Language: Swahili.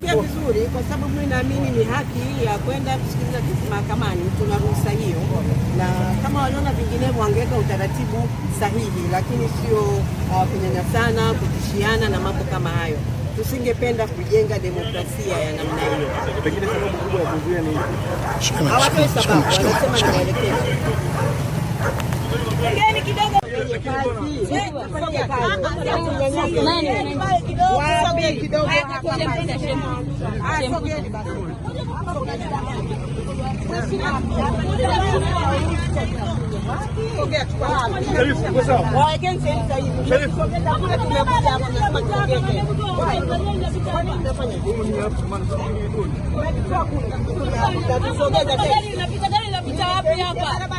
Pia vizuri kwa sababu mimi naamini ni haki ya kwenda kusikiliza kesi mahakamani, tuna ruhusa hiyo, na kama waliona vinginevyo wangeweka utaratibu sahihi, lakini sio uh, sana kutishiana na mambo kama hayo. Tusingependa kujenga demokrasia ya namna hiyo. Pengine sababu kubwa ya kuzuia ni hawatoi sababu, wanasema ni maelekezo kidogo Gari inapita, gari está wapi hapa?